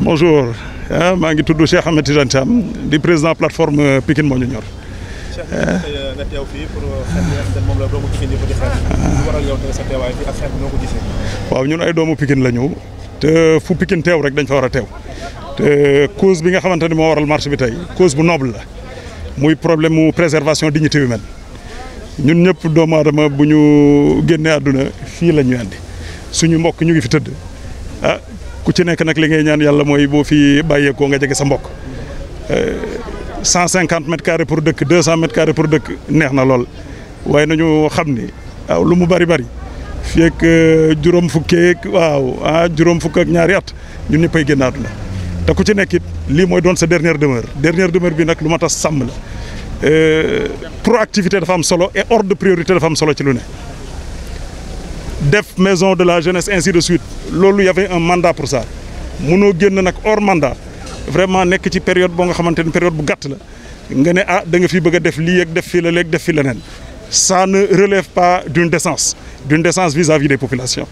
bonjour ah, maa ngi tudd Cheikh Ahmed Tidiane Thiam di président plateforme euh, Pikine moo ñu ñor. Euh, euh, waaw ñun ay doomu Pikine la ñu te fu Pikine teew rek dañ fa war a teew te cause bi nga xamante ni moo waral marche bi tey cause bu noble la muy problème mu préservation dignité humaine ñun ñëpp doomu aadama bu ñu génnee àdduna fii la ñu andi suñu mbokk ñu ngi fi tëdd ah, ku ci nek nak li ngay ñaan yalla moy bo fi ko nga jégué sa mbokk 150 eh, mètres carrés pour deuk 200 mètres carrés pour deuk neex na lool way nañu xamni waaw lu mu bari bari fii ak eh, fukke ak waaw ah juróom fukk ak ñaari at ñun pay gennatu la ta ku ci nek it lii mooy doon sa dernière demeure dernière demeure bi nak lu ma tas sàmm la eh, proactivité dafa am solo et ordre de priorité dafa am solo ci lu ne def maison de la jeunesse ainsi de suite Il y avait un mandat pour ça mënoo génn nag hors mandat vraiment nekk ci période boo nga une période bu gàtt la nga ne ah da nga fi bëgg a def lii ak def fii def ça ne relève pas d'une décence d'une décence vis-à-vis des populations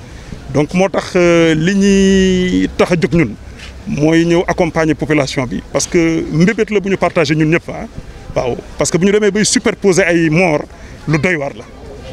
donc moi, ce euh, li tax a jóg ñun accompagner la accompagner population bi parce que nous la bu ñu ñun ñëpp ah. waaw parce que bu ñu bay superposer ay morts lu doy la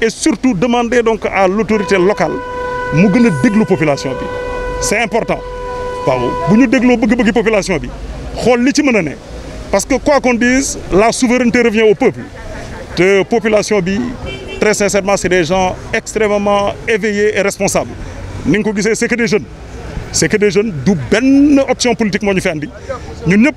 et surtout demander donc à l'autorité locale de gëna population c'est important waaw population bi li ci parce que quoi qu'on dise la souveraineté revient au peuple la population très sincèrement c'est des gens extrêmement éveillés et responsables ce c'est que des jeunes c'est que des jeunes du benn option politique nous ñun ñëpp